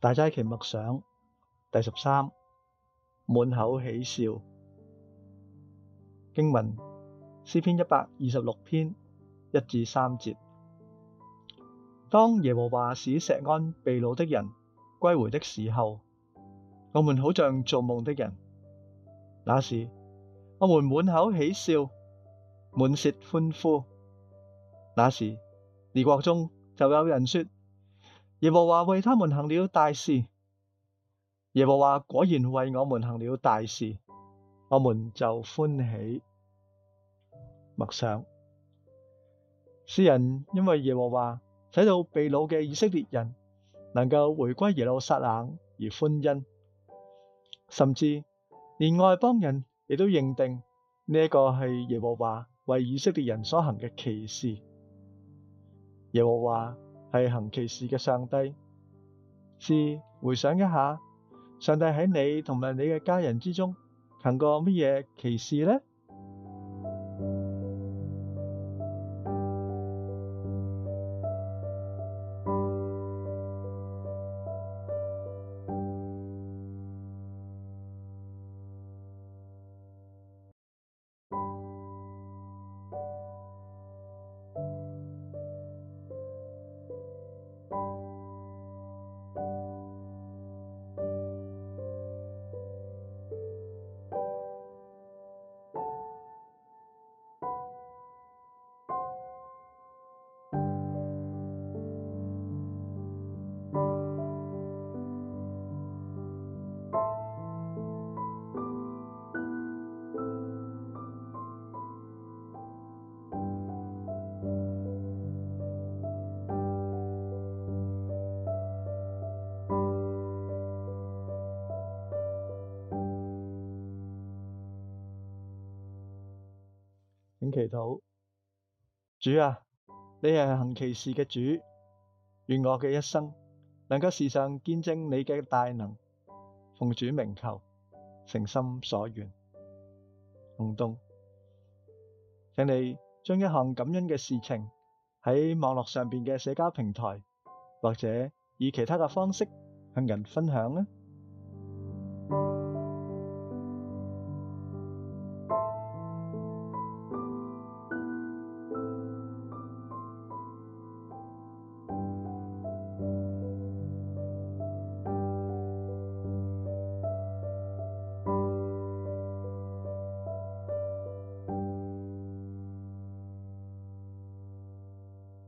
大齋期默想第十三，滿口喜笑。經文詩篇一百二十六篇一至三節。當耶和華使錫安被擄的人歸回的時候，我們好像做夢的人。那時，我們滿口喜笑，滿舌歡呼。那時，列國中就有人說。耶和華為他們行了大事，耶和華果然為我們行了大事，我們就歡喜。默想。詩人因為耶和華使到被擄嘅以色列人能夠回歸耶路撒冷而歡欣，甚至連外邦人亦都認定呢一個係耶和華為以色列人所行嘅奇事。耶和華。係行奇事嘅上帝，試回想一下，上帝喺你同埋你嘅家人之中行過乜嘢奇事咧？祈禱，主啊，你係行奇事嘅主，願我嘅一生能夠時常見證你嘅大能。奉主名求，誠心所願，行動，請你將一項感恩嘅事情喺網絡上邊嘅社交平台，或者以其他嘅方式向人分享咧。